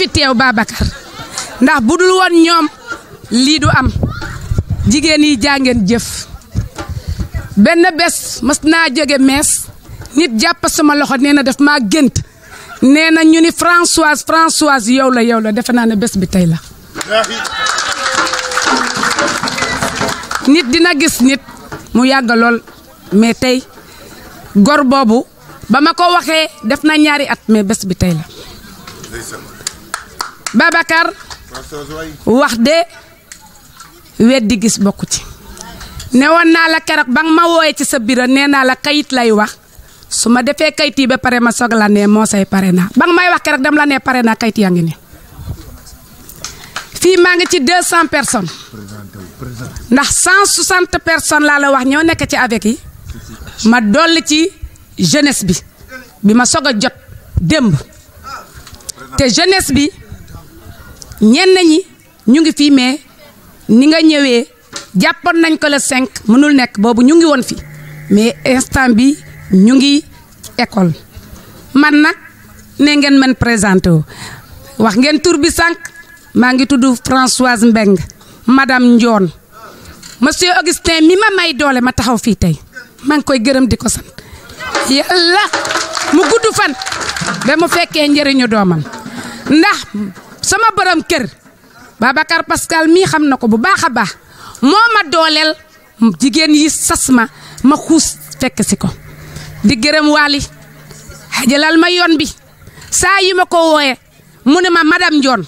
fi teew Babacar ndax budul won ñom li du am jigen yi jangen jëf ben bes masna joge mes nit japp sama loxo neena def ma gënt neena yola ñu ni Françoise Françoise yow la yow la def na na bes bi tay la nit dina gis nit mu yag lool mais tay gor bobu bama ko waxe def na ñaari at mais bes bi tay la Babacar wax de weddi gis bokk ci ne woon naa la keroog ba nga ma wooyee ci sa biro nee naa la kayit lay wax su ma defee kayit yi ba pare ma soog la ne moo say pare naa ba may wax keroog dam la ne pare naa kayit yaa ngi ne fii maa ngi ci 200 personnes ndax 160 personnes laa la wax ñoo nekk ci avec yi ma doll ci jeunesse bi bi ma sog a jot démb te jeunesse bi. ñenn ñi ñu ngi fii mais ni nga ñëwee jàppoon nañ ko la cinq mënul nekk boobu ñu ngi woon fi mais instant bi ñu ngi école man nag ne ngeen mën présenté wax ngeen tur bi sànq maa ngi tudd Françoise Mbengue madame njoon monsieur Augustin mi ma may doole ma taxaw fii tey maa ngi koy gërëm di ko sant yàlla mu gudd fan ba mu fekkee njëriñu doomam ndax sama borom kër Babacar Pascal mi xam na ko bu baax a baax moo ma dooleel yi sasma ma ma xuus fekk si ko di gërëm wali ma yoon bi saa yi ma ko wooye mu ne ma madame Ndione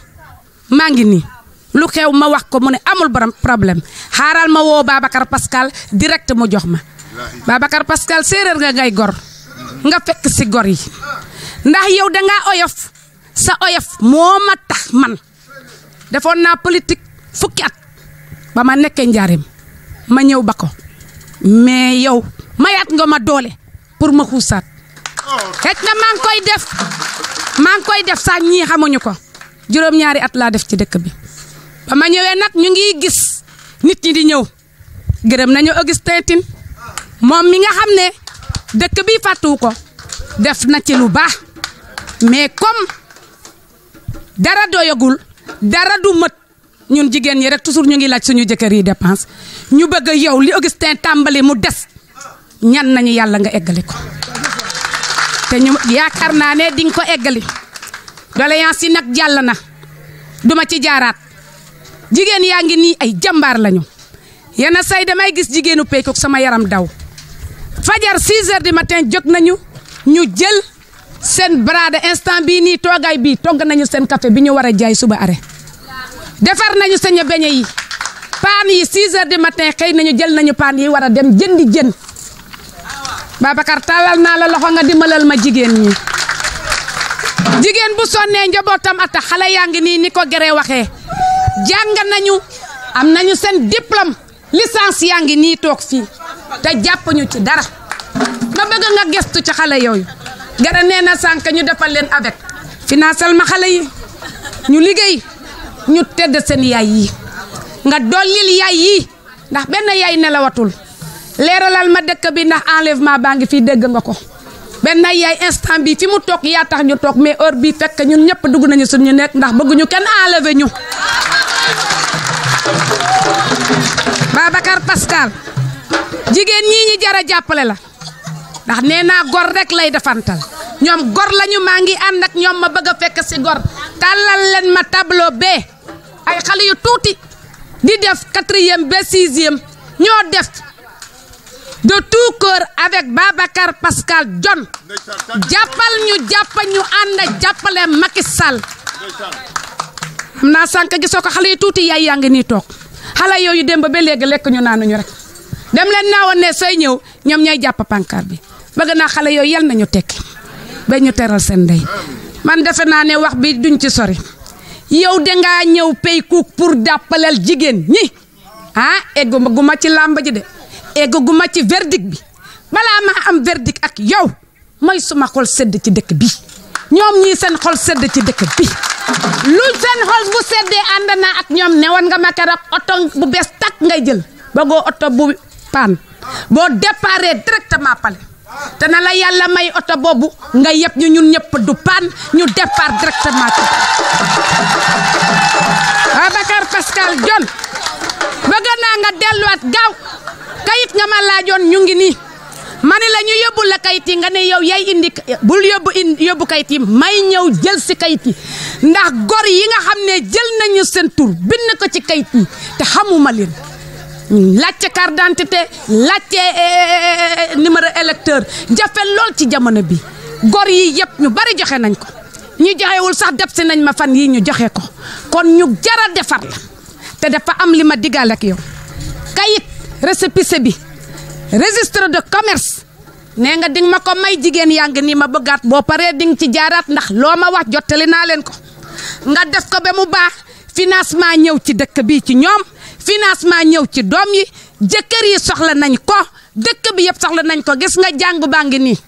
maa ngi lu xew ma wax ko mu amul borom problème haral ma woo Babacar Pascal direct mu jox ma Babacar Pascal séeréer nga ngay gor nga fekk si gor yi ndax yow oyof sa oyof moo ma tax man defoon naa politique fukki at ba ma nekkee njaareem ma ñëw ba ko mais yow mayaat nga ma doole pour ma xuusaat xëj na maa koy def maa ngi koy def saa ñii xamuñu ko juróom-ñaari at laa def ci dëkk bi ba ma ñëwee nag ñu ngi gis nit ñi di ñëw gërëm nañu Augustin Tine moom mi nga xam ne dëkk bi fàttuwu ko def na ci lu baax mais comme dara doyagul dara du mët ñun jigéen ñi rek toujours ñu ngi laaj suñu jëkkër yi dépense ñu bëgg yow li Augustin tàmbali mu des ñan nañu yàlla nga eggali ko te ñu yaakaar naa ne di nga ko eggali doléance yi nag jàll na duma ci jaaraat jigéen yaa ngi nii ay jàmbaar lañu yenn say damay gis jigéenu Pekook sama yaram daw fajar 6 heures du matin jóg nañu ñu jël sen brade instant bi ni togay bi tong nañu sen café bi ñu jaay suba are defar nañu sen beñe yi pan yi 6 heures du matin xey nañu jël nañu pan yi wara dem jëndi jën Babacar talal na la loxo nga dimbalal ma jigen ni jigen bu ata xala yaangi ni ko géré waxé jang nañu am nañu sen diplôme licence yaangi ni tok fi fii te jàpp ñu ci dara ma bëgg nga gestu ci Gara neena sank ñu defal len avec financement ma xale yi ñu liggey ñu tedd seen yaay yi nga dolil yaay yi ndax ben yaay watul leralal ma dekk bi ndax enlèvement baa fi degg nga ko ben yaay instant bi fi mu tok ya tax ñu tok mais heure bi fekk ñun ñëpp dugg nañu suñu nekk ndax ñu kenn enlever ñu babakar Pascal jigen ñi ñi jara jappalé la ndax neena gor rek lay defantal ñom gor lañu maangi and ak ñom ma bëgg fekk ci gor leen ma tableau be ay xali yu tuti di def b 6e ño def de tout cœur avec Babacar Pascal John jappal ñu japp ñu and jappale Macky Sall amna sank gi soko xali tuti yaay yaangi ni tok xala yoyu dem ba be leg lek ñu ñu rek dem len nawone ne ñew ñom ñay japp bëgg naa xale yooyu yal nañu tekki ba ñu teral seen man defe naa ne wax bi duñ ci sori yow dangaa ñëw paykuuk pour dàppalal jigéen ñi ah gu magumati ci làmb ji de gu ma ci verdict bi balaa ma am verdict ak yow mooy suma xol sedd ci dëkk bi ñoom ñii seen xol sedd ci dëkk bi lu seen xol bu seddee ànd naa ak ñoom ne woon nga ma keroog oto bu bees tak ngay jël bëggoo oto bu paan boo déparé directement pale te na la yàlla may oto boobu nga yëpp ñu ñun ñëpp du paan ñu départ directement ci Abacar Pascal John naa nga delluwaat gaaw kayit nga ma laajoon ñu ngi nii ma ne la ñu yóbbu la kayit yi nga ne yow yay indi bul yóbbu kayit yi may ñëw jël ci kayit yi ndax gor yi nga xam ne jël nañu seen tur bind ko ci kayit yi te xamuma leen laajte carte d'identité laajte eh, eh, eh, numéro électeur jafé lol ci jamono bi gor yi yep ñu bari joxé nañ ko ñu joxewul sax def ci nañ ma fan yi ñu joxé ko kon ñu jara défar la te dafa am lima digal ak yow kayit récépissé bi registre de commerce né nga ding ma ko may jigen yang ni ma bëggat bo paré ding ci jaarat ndax loma wax jotali na len ko nga def ko ba mu baax financement ñew ci dëkk bi ci ñom financement ñew ci dom yi jëkkër yi soxla nañ ko dëkk bi yëpp soxla nañ ko gis nga jàng baa ngi nii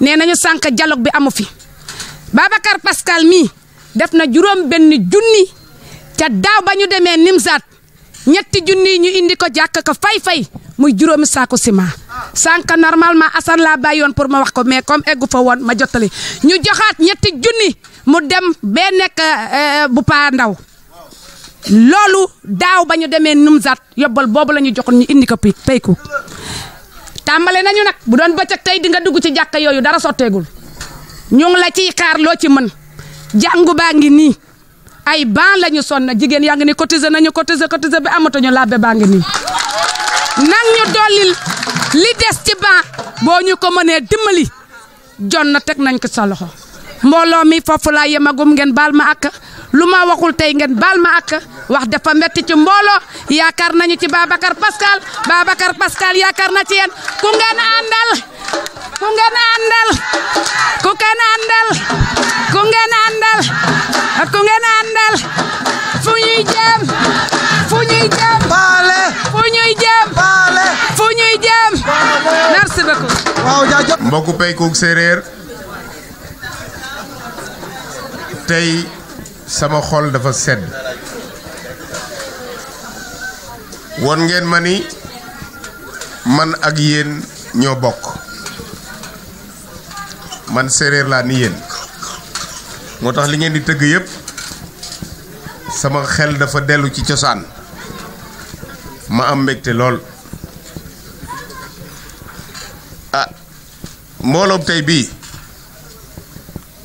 nee nañu sànq bi amu fi Babacar Pascal mi def na juróom benn junni ca daaw ba ñu demee Nimzaat ñetti junni ñu indi ko jàkk ko fay-fay muy juróomi saako ciment sànq normalement asan laa bàyyoon pour ma wax ko mais comme eggu fa woon ma jottali ñu joxaat ñetti junni mu dem bee nekk euh, bu paa ndaw loolu daaw ba ñu demee Numzat yóbbal boobu la ñu joxoon ñu indi ko pi payku tàmbale nañu nag bu doon bëccëg tey di nga dugg ci jàkka yooyu dara sotteegul ñu la ciy xaar loo ci mën jàngu baa ngi nii ay ban la ñu sonn jigéen yaa ngi ni cotiser nañu cotiser cotiser bi amatuñu labbe baa ngi nii nang ñu dollil li des ci ban boo ñu ko mënee dimbali jon na teg nañ ko sa loxo mbooloo mi foofu laa yemagum ngeen baal ma ak Luma waxul tay ngeen baal ma ak wax dafa metti ci mbolo yaakar nañu ci babakar Pascal babakar Pascal yaakar na ci yeen ku ngeen andal ku ngeen andal ku ngeen andal ku ngeen àndal ku ngeen andal fu ñuy jëm fu ñuy jëm balé fu ñuy jëm balé fu jëm merci beaucoup waaw jaajëf mbokk pay ko tay sama xol dafa sedd won ngeen ma ni man ak yéen ñoo bokk man séréer laa ni yéen moo tax li ngeen di tëgg yépp sama xel dafa dellu ci cosaan ma am mbégte lool ah mbooloom tey bii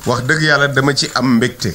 wax dëgg yàlla dama ci am mbégte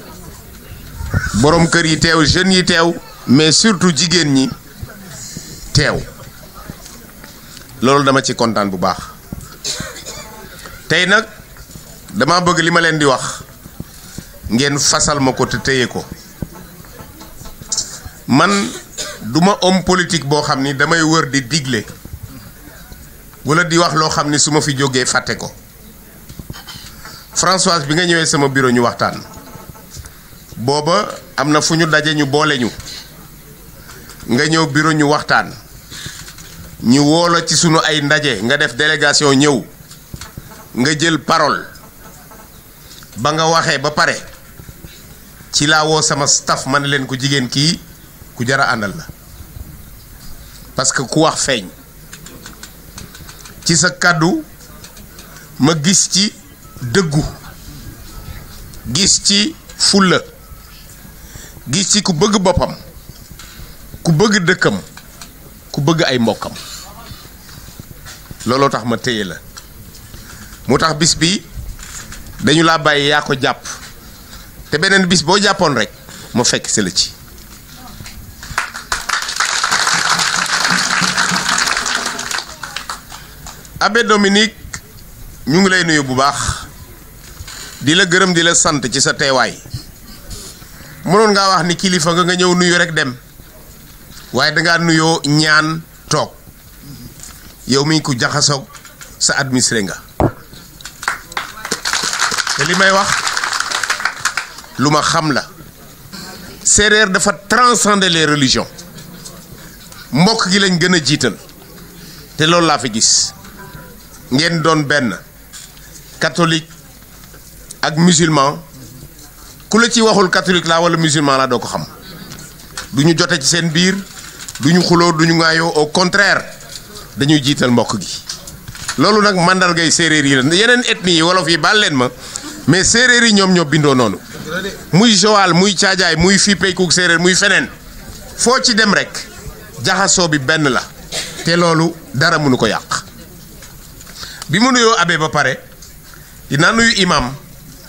borom kër yi teew jeunes yi teew mais surtout jigéen ñi teew loolu dama ci kontaan bu baax tey nag dama bëgg li ma leen di wax ngeen fasal ma ko te téye ko man duma homme politique boo xam ni damay wër di digle wala di wax loo xam ni su ma fi jógee fàtte ko Françoise bi nga ñëwee sama bureau ñu waxtaan booba am na fu ñu daje ñu boole ñu nga ñëw bureau ñu waxtaan ñu woola ci sunu ay ndaje nga def délégation ñëw nga jël parole ba nga waxee ba pare ci laa woo sama staff man leen ku jigéen kii ku jara àndal la parce que ku wax feeñ ci sa kàddu ma gis ci dëggu gis ci fulla gis ci ku bëgg boppam ku bëgg dëkkam ku bëgg ay mbokam looloo tax ma téye la mu tax bis bi dañu la bàyyi yaa ko jàpp te beneen bis boo jàppoon rek ma fekk si la ci abbé dominique ñu ngi lay nuyu bu baax di la gërëm di la sant ci sa teewaay mënon nga wax ni kilifa nga nga ñew nuyu rek dem da nga nuyo ñaan tok yow mi ku jaxaso sa administré nga té li may wax luma xam la séeréer dafa transcender les religions mbokk gi lañ gëna té loolu fi gis ngeen doon ben catholique ak musulman ku la ci waxul catholique laa wala musulman laa doo ko xam du ñu jote ci seen biir du ñu xuloo du ñu ŋaayoo au contraire dañuy jiital mbokk gi loolu nag màndargay séeréer yi la yeneen ethnie yi wolof yi baal leen ma mais séeréer yi ñoom ñoo bindoo noonu muy Joal muy caajaay muy fii peykuk séeréer muy feneen foo ci dem rek jaxasoo bi benn la te loolu dara mënu ko yàq bi mu nuyoo abbé ba pare dinaa nuyu imaam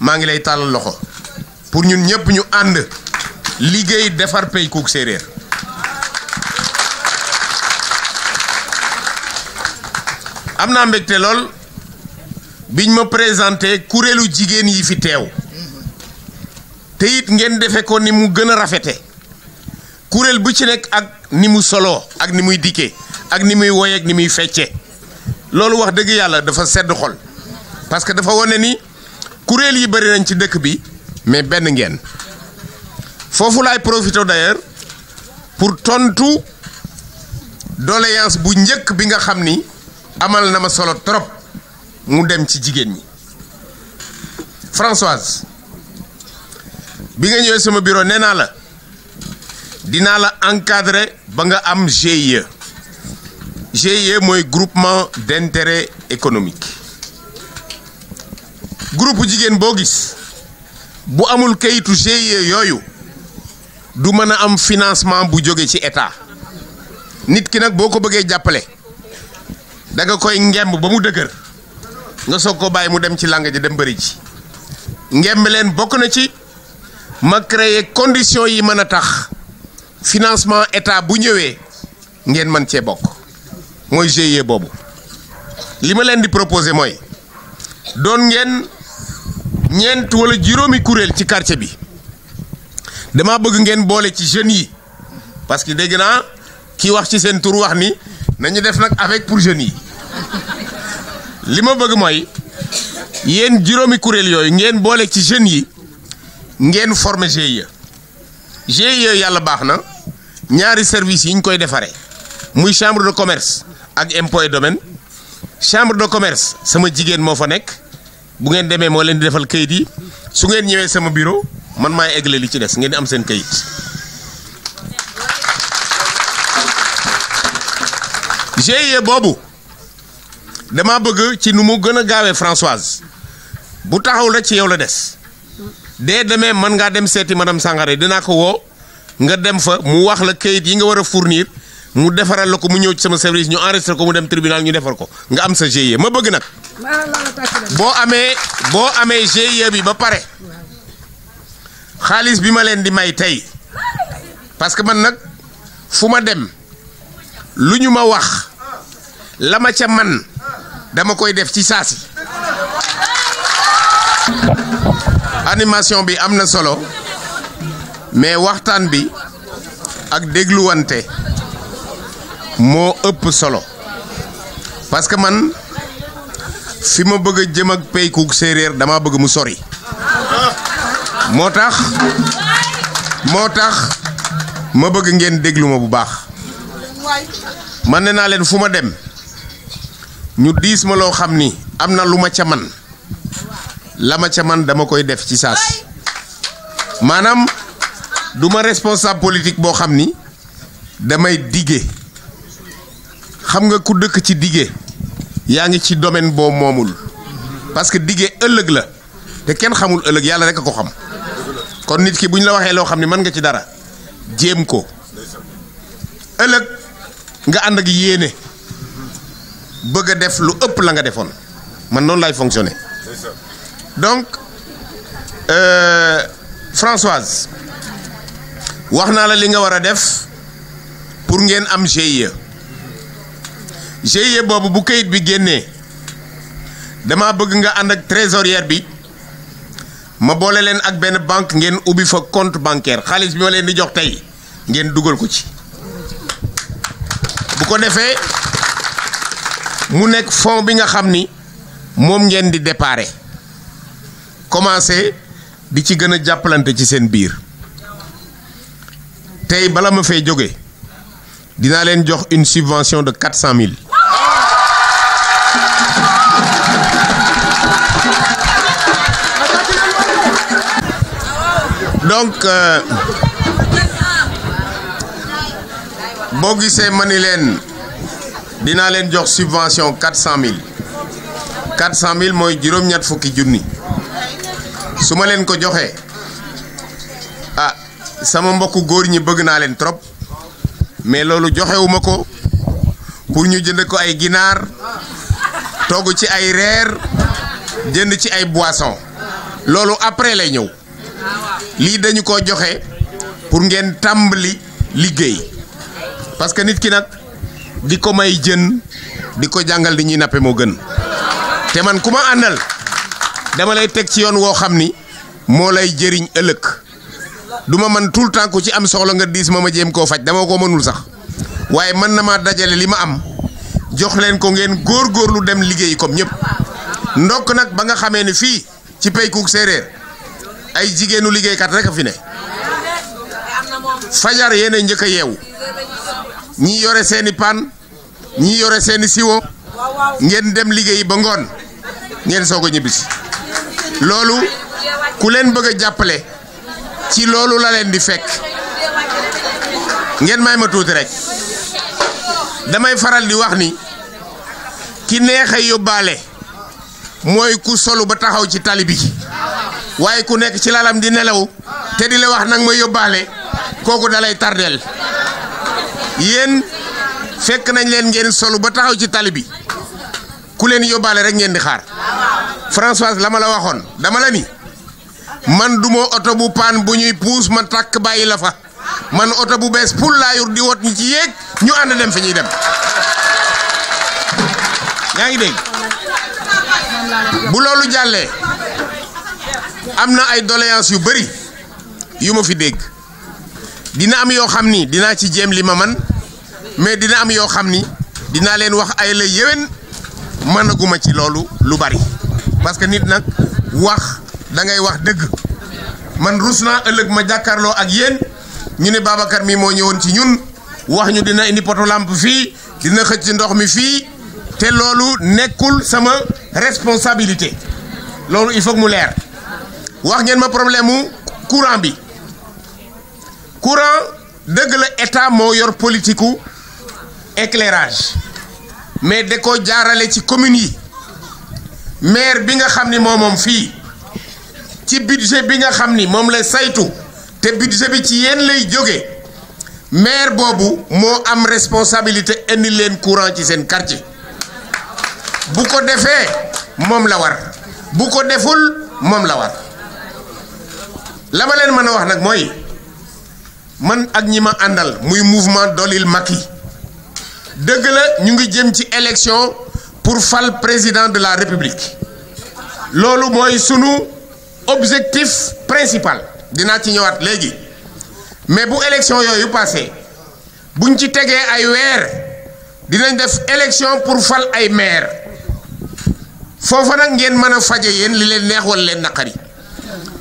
maa ngi lay tàllal loxo pour ñun ñëpp ñu ànd liggéey defar peykuk séeréer am naa mbégte lool biñ ma présenté kuréelu jigéen yi fi teew te it ngeen defe ko ni mu gën a rafete kuréel bu ci nekk ak ni mu soloo ak ni muy dikkee ak ni muy woyee ni muy fecce loolu wax dëgg yàlla dafa sedd xol parce dafa wone ni kuréel yi bëri nañ ci dëkk bi mais benn ngeen foofu laay profité d'ailleurs pour tontu doléance bu njëkk bi nga xam ni amal na ma solo trop mu dem ci jigéen ñi Françoise bi nga ñëwee sama bureau nee naa la dinaa la encadrer ba nga am GIE GIE mooy groupement d'intérêt économique groupe jigen bo gis bu amul kayitu GIE yoyu du meuna am financement bu nitkinak ci état nit ki nak boko ko jappalé da nga koy ngemb ba mu deuguer nga soog baye mu dem ci langue ji dem bëri ci ngemb len bokku na ci ma créer condition yi meuna tax financement état bu ñëwé ngeen man ci bok moy GIE bobu lima len di proposer moy don ngeen ñent wala juromi kurel ci quartier bi dama bëgg ngeen boole ci jeune yi parce que dégg naa ki wax ci seen tour wax ni nañu def nag avec pour lima yi li ma bëgg mooy yéen juróomi kuréel yooyu ngeen boole ci jeune yi ngeen former GIE GIE yàlla baax na ñaari service yi ñu koy defaree muy chambre de commerce ak impôt et domaine chambre de commerce sama jigéen moo fa nekk bu ngeen demee moo leen di defal kayit yi su ngeen ñëwee sama bureau man maay eggle li ci des ngeen di am seen kayit GIE boobu dama bëgg ci nu mu gën a gaawee Françoise bu taxaw la ci yow la des dee demee mën ngaa dem seeti madame Sangaré dinaa ko woo nga dem fa mu wax la kayit yi nga war a fournir mu defaral la ko mu ñëw ci sama service ñu enregistré ko mu dem tribunal ñu defar ko nga am sa GIE ma bëgg nag. boo amee boo amee GIE bi ba pare xaalis bi ma leen di may tey parce que man nag fu ma dem lu ñu ma wax la ma ca man dama koy def ci saasi. animation bi am na solo mais waxtaan bi ak dégluwante. Mo ëpp solo parce que man fi ma bëgg jëm ak peykuug séeréer dama bëgg mu sori motax motax ma bëgg ngeen dégluma bu baax man né na leen fuma dem ñu diis ma lo xamni amna luma ca man lama ca man dama koy def ci sas manam duma responsable politique bo xamni damay dige xam nga ku dëkk ci diggé yaa ci domaine boo moomul parce que diggé ëllëg la te kenn xamul ëllëg yàlla rek ko xam kon nit ki la waxee loo nga ci dara jéem ko ëllëg nga ànd ak yéene bëgg a def lu ëpp la nga defoon man fonctionner donc euh, Françoise wax la li nga pour GIE bobu bu kayit bi génné dama bëgg nga and ak trésorière bi ma bolé len ak ben banque ngén ubi fa compte bancaire xaliss bi ma len di jox tay ngén duggal ko ci bu ko defee mu nekk fonds bi nga xamni mom ngén di déparé commencer di ci gëna a ci sen biir tey bala ma fay jóge dina len jox une subvention de 400000 donc euh, boo gisee ma ni leen dinaa leen jox subvention quatre cent mille quatre cent mille mooy juróom-ñett fukki junni su ma leen ko joxee ah sama mbokku góor ñi bëgg naa leen trop mais loolu joxewuma ko pour ñu jënd ko ay ginaar togg ci ay reer jënd ci ay boisson loolu après lay ñëw. lii dañu ko joxe pour ngeen tàmbali liggéey parce que nit ki nag di ko may jën di ko jàngal di ñuy nappe moo gën te man ku ma àndal dama lay teg ci yoon woo xam ni moo lay jëriñ ëllëg duma ma man tout le temps ci am soxla nga diis ma ma jéem koo faj dama ko mënul sax waaye mën na maa dajale li ma am jox leen ko ngeen góor góorlu dem liggéey comme ñëpp ndokk nag ba nga xamee ni fii ci peyku séeréer ay jigéenu liggéeykat rek fi ne fajar yéen a njëkk a yeewu ñii yore siwo ngeen dem liggéey ba ngoon ngeen soog a ñibbisi loolu ku lolu bëgg a jàppale ci loolu la di fekk ngeen rek damay faral di wax ni ki neex a yóbbaale mooy ku ba taxaw ci waye ku nek ci lalam di nelew te di la wax nak ma yobale koku dalay tardel yen fek nañ len ngeen solo ba taxaw ci talibi ku len yobale rek ngeen di xaar Françoise lama la waxoon dama la ni man du auto bu pan bu ñuy pousse man tak bàyyi la fa man auto bu bes pour la yur di wot ñu ci yek ñu and dem fi ñi dem yaangi deg bu loolu jalle amna ay doléance yu bari yu ma fi dégg dina am yo xamni dina ci jëm li ma man mais dina am yo xamni dina len wax ay lay yewen managuma ci lolu lu bari parce que nit nak wax da ngay wax deug man rusna euleug ma jakarlo ak yeen ñu ne babakar mi mo ñewon ci ñun wax ñu dina indi poto lampe fi dina ci ndox mi fi té lolu nekkul sama responsabilité lolu il faut mu lère wax ngeen ma problème courant bi courant dëgg la état moo yor politique éclairage mais da ko jaarale ci commune yi maire bi nga xam ni moom moom fii ci budget bi nga xam ni moom lay saytu te budget bi ci yéen lay jóge maire boobu moo am responsabilité indi leen courant ci seen quartier bu ko defee moom la war bu ko deful moom la war la ma leen mën a wax nag mooy man ak ñi ma àndal muy mouvement Dolil Macky dëgg la ñu ngi jëm ci élection pour fal président de la république loolu mooy sunu objectif principal dinaa ci ñëwaat léegi mais bu élection yooyu passé buñ ci tegee ay weer dinañ def élection pour fal ay maire foofa nag ngeen mën a faje yéen li leen neex wala leen naqari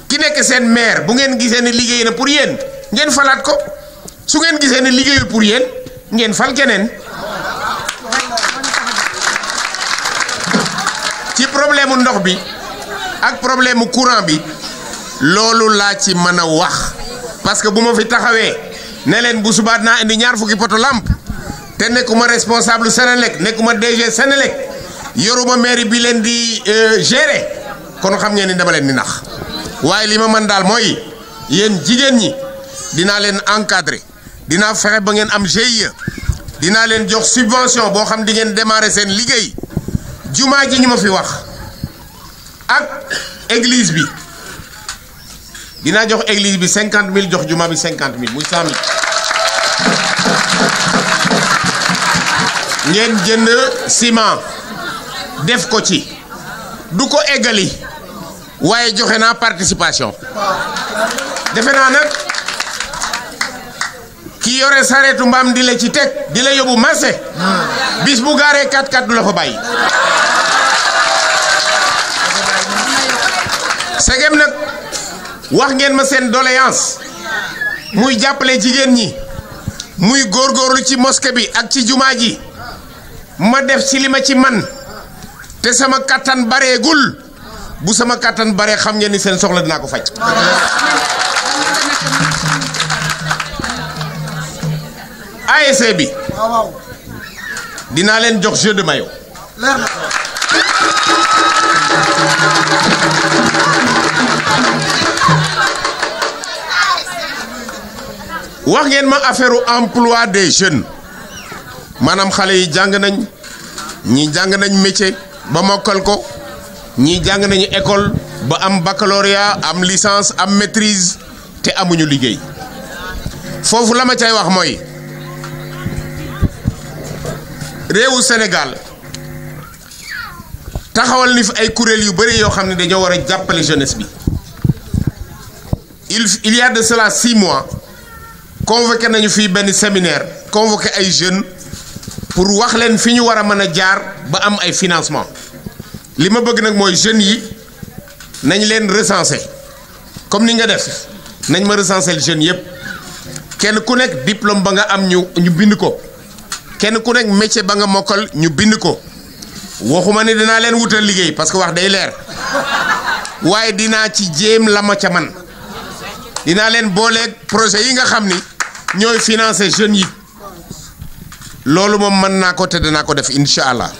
ki nek sen maire bu ngeen gisee ni liggéey na pour yeen ngeen falat ko su ngeen gisee ni pour yeen ngeen fal kenen? ci problème ndox bi ak problème courant bi lolou la ci meuna wax parce que buma fi taxawé ne len bu subat na indi ñaar fukki poto lampe té nekuma responsable Senelec nekuma DG Senelec yoruma maire bi len di euh, gérer kon xam ngeen ni dama len ni nax waaye li ma man daal mooy yéen jigéen ñi dinaa leen encadré dinaa fexe ba ngeen am GIE dinaa leen jox subvention boo xam di ngeen démarrer seen liggéey jumaa ji ñu ma fi wax ak église bi dinaa jox église bi cinquante mille jox jumaa bi cinquante mille muy cent mille ngeen jënd ciment def ko ci du ko eggali waye joxe na participation defé na nak ki yoré saretu mbam di la ci tek di la bis bu garé kat kat dula la segem nak wax ngeen ma sen doléance muy jàppale jigen ñi muy góorgóorlu ci mosquée bi ak ci juma ji ma def ci lima ci man te sama gul bu sama katan bare xam ngeen ni seen soxla dina ko fajj ASC bi dina len jox jeu de Mayo. wax ngeen ma affaireu emploi des jeunes manam xalé yi jang nañ ñi jang nañ métier ba mokal ko ñi jàng nañu école ba am baccalauréat am licence am maîtrise te amuñu liggéey foofu la ma cay wax mooy réewu Sénégal taxawal ni fi ay kuréel yu bëri yoo xam ne dañoo war a jàppale jeunesse bi il il y de cela six mois convoqué nañu fii benn séminaire convoqué ay jeunes pour wax leen fi ñu war a mën a jaar ba am ay financement li ma bëgg nag mooy jeunes yi nañ leen recenser comme ni nga def nañ ma recenser jeunes yëpp kenn ku nekk diplôme ba nga am ñu ñu bind ko kenn ku nekk métier ba nga mokkal ñu bind ko waxuma ne dinaa leen wutal liggéey parce que wax day leer waaye dinaa ci jéem la ma ca man dinaa leen booleeg projet yi nga xam ni ñooy financer jeunes yi loolu moom mën naa ko te danaa ko def incha allah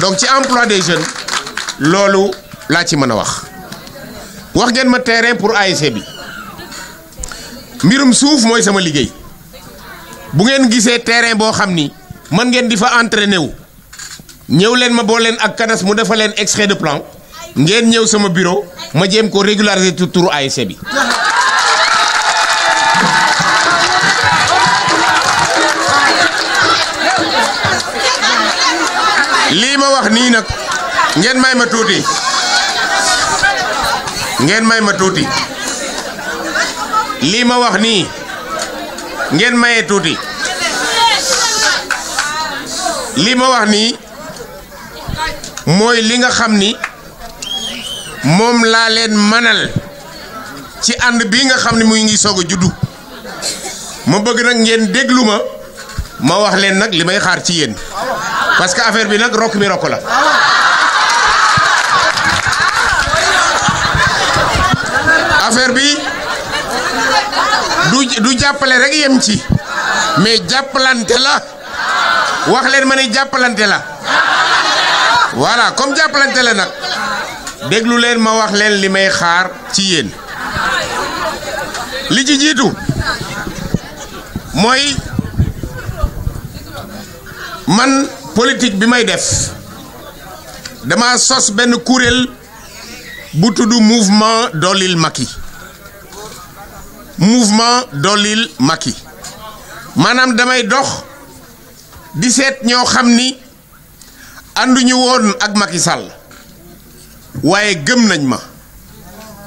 donc ci emploi des jeunes loolu laa ci mën a wax wax ngeen ma terrain pour ayse bi mbirum suuf mooy sama liggéey bu ngeen gisee terrain boo xam ni mën ngeen di fa entraîné wu ñëw leen ma boo leen ak kadas mu defal leen extrait de plan ngeen ñëw sama bureau ma jéem ko régulariser tout turu ASC bi lii ma wax nii nag. ngeen may ma tuuti ngeen may ma tuuti lii ma wax nii ngeen mayee tuuti lii ma wax nii mooy li nga xam ni moom laa leen manal ci ànd bii nga xam ni muy ngi soog a juddu ma bëgg nag ngeen déglu ma ma wax leen nag li may xaar ci yéen parce que affaire bi nag rokk mi rokk la affaire bi du du jappalé rek yem ci mais jappalanté la wax leen mané jappalanté la voilà comme jappalanté la nak déglu leen ma wax leen limay xaar ci yeen li ci jitu moy man politique bi may def dama sos ben kurel bu tudd mouvement Dolil maki mouvement Dolil maki Manam damay dox 17 ño xamni andu ni ànduñu ak Macky Sall waye gëm nañ ma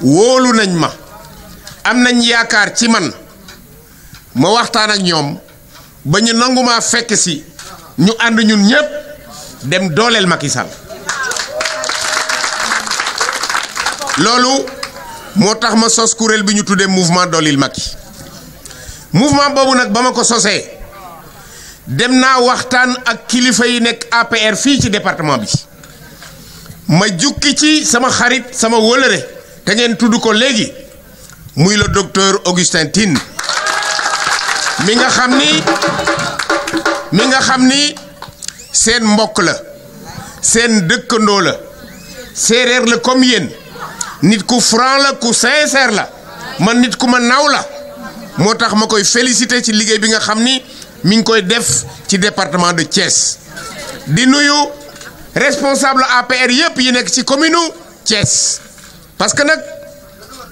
wolu nañ ma am nañ yaakar ci man ma waxtaan ak ñom bañu nanguma fekk ci ñu ñun dem dolel Macky Sall loolu motax ma sos kuréel bi ñu tuddee mouvement dolil Macky mouvement bobu nak bama ko sosé dem waxtaan ak kilifa yi nek APR fi ci département bi ma jukki ci sama xarit sama wëlëre te ngeen tudd ko léegi muy le docteur Augustin Tine mi nga xamni mi nga xamni ni mbok la seen dëkkandoo la séeréer le comme yéen nit ku franc la ku sincère la man nit ku ma naw la motax makoy féliciter ci liggéey bi nga xamni mi ngi koy def ci département de Thiès di nuyu responsable APR yëpp yi nek ci commune Thiès parce que nak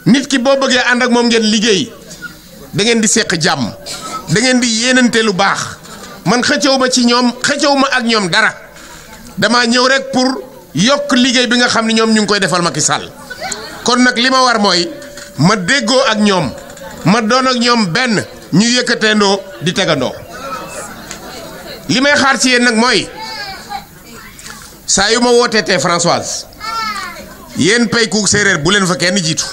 nit ki bo bëggee and ak mom ngeen liggéey da ngeen di sék jàmm da ngeen di yénenté lu baax man xëccëw ma ci ñom xëccëw ma ak ñom dara dama ñëw rek pour yok liggéey bi nga xamni ñom ñu ngi koy defal Macky Sall kon nag li ma war mooy ma déggoo ak ñoom ma doon ak ñoom benn ñu yëkkateendoo di tegandoo li may xaar ci yéen nag mooy saa yu ma wootee tey Françoise yéen payku séeréer bu leen fa kenn jiitu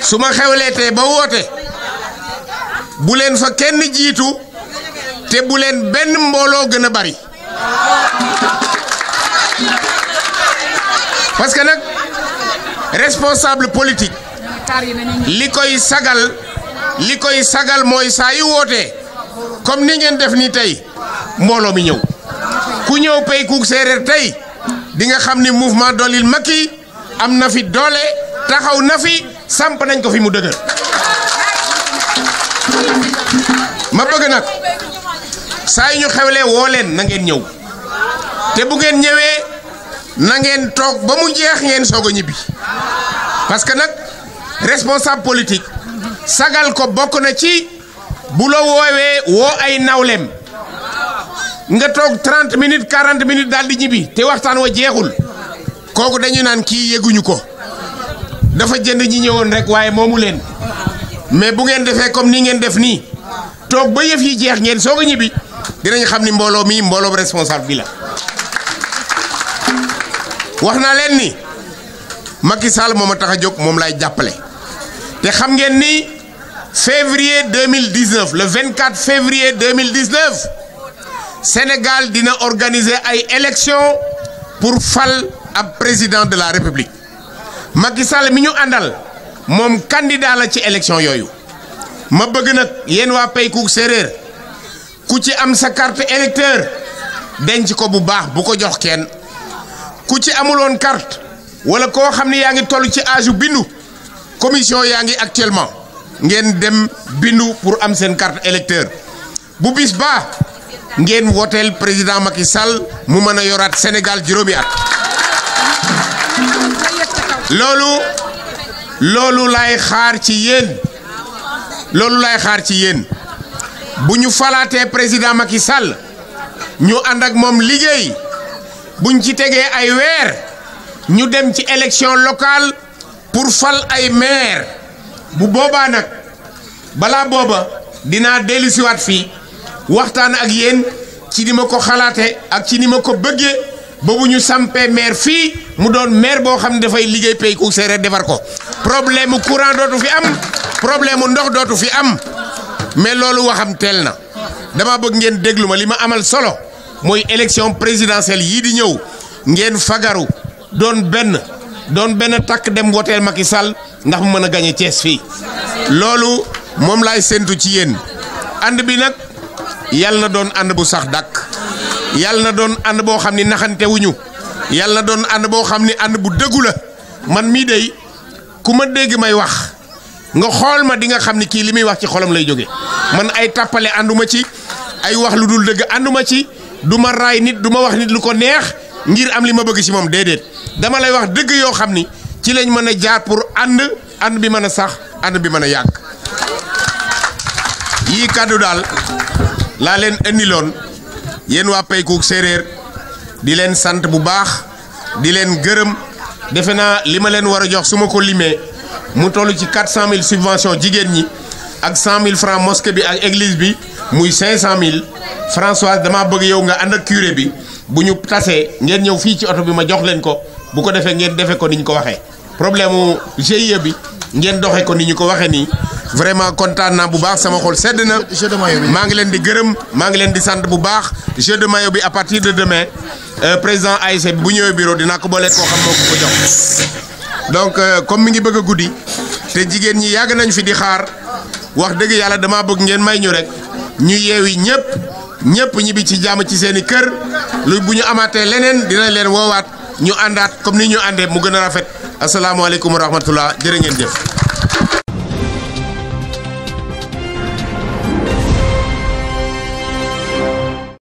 su ma xewlee tey ba woote buleen fa kenn jiitu te bu leen benn mbooloo gën a bari parce que nag responsable politique li koy sagal li koy sagal mooy saa yu wootee comme ni ngeen def ni tey mbooloo mi ñëw ku ñëw pay ku séeréer tey di nga xam ni mouvement Doolil Macky am na fi doole taxaw na fi samp nañ ko fi mu dëgër ma bëgg nag saa yu ñu xewle woo leen na ñëw te bu ngeen ñëwee na ngeen toog ba mu jeex ngeen soog ñibbi parce que nag responsable politique sagal ko bokk na ci bu la woowee woo ay nawleem nga toog 30 minutes 40 minutes daal di ñibbi te waxtaan wa jeexul kooku dañu naan kii yëguñu ko dafa jënd ñi ñëwoon rek waaye moomu leen mais bu ngeen defee comme nii ngeen def nii toog ba yëf yi jeex ngeen soog a ñibbi dinañ xam ni mbooloo mii mbooloom responsable bi waxna len ni Macky Sall moma ma tax a lay jàppale té xam ngeen ni février 2019 le 24 février 2019 Sénégal dina organiser ay élections pour fal ab président de la République Macky Sall mi ñu andal mom candidat la ci élection yoyu ma bëgg nag wa pay Peykook séeréer ku ci am sa carte électeur denc ko bu baax bu ko jox kenn. ku ci kart, carte wala ko xamni yaangi tollu ci âge bindu commission yaangi actuellement ngeen dem bindu pour am sen carte électeur bu bis ba ngeen wotel président Macky Sall mu meuna yorat Sénégal juroomi at lolu lolu lay xaar ci yeen lolu lay xaar ci yeen buñu falaté président Macky Sall ñu and ak mom liggéey buñ ci tegee ay weer ñu dem ci élection locale pour fal ay maire bu boobaa nag balaa booba dinaa dellusiwaat fii waxtaan ak yéen ci ni ma ko xalaate ak ci ni ma ko bëggee ba bu ñu sampee maire fii mu doon maire boo xam ne dafay liggéey pays ku séeréer defar ko problème mu courant dootu fi am problème mu ndox dootu fi am mais loolu waxam teel na dama bëgg ngeen déglu ma li ma amal solo Moy élection présidentielle yi di ñew ngeen fagaru Don Ben, Don Ben tak dem woteel Macky Sall ndax mu mëna gagner ties fi lolu mom lay sentu ci yeen and bi nak yalla na don and bu sax dak yalla na don and bo xamni ni naxante wuñu yalla na don and bo xamni ni bu deggu la man mi dey kuma ma may wax nga xol ma di nga xamni ki limi wax ci xolam lay joge man ay tapale anduma ci ay wax lu dul deug anduma ci duma ray nit duma wax nit lu ko neex ngir am li ma bëgg ci mom dedet dama lay wax deug yo xamni ci lañ mëna jaar pour and and bi mëna sax and bi yag yi kaddu dal la len andi lon yeen wa pay Paykook séeréer di len sante bu baax di len gërëm defena lima len wara jox suma ko limé mu tollu ci 400000 subvention jigen ñi ak 100000 francs mosquée bi ak église bi muy 500000 Françoise damaa bëgg yow nga ànd ak curé bi bu ñu tasee ngeen ñëw fii ci oto bi ma jox leen ko bu ko defee ngeen defee ko ni ñu ko waxee problème mu GIE bi ngeen doxee ko ni ñu ko waxee nii vraiment kontaan naa bu baax sama xol sedd na. jeu de maillot maa ngi leen di gërëm maa ngi leen di sant bu baax jeu de maillot bi à partir de demain euh, président ASC bu ñëwee bureau dina ko boole koo xam moo ko ko jox. donc euh, comme mi ngi bëgg a guddi te jigéen ñi yàgg nañ fi di xaar wax dëgg yàlla damaa bëgg ngeen may ñu rek ñu yeewi ñëpp. ñepp ñibi ci jamm ci seeni kër lu buñu amaté lenen dina leen wowat ñu andat comme ni ñu andé mu gëna rafet assalamu alaykum wa rahmatullah jëf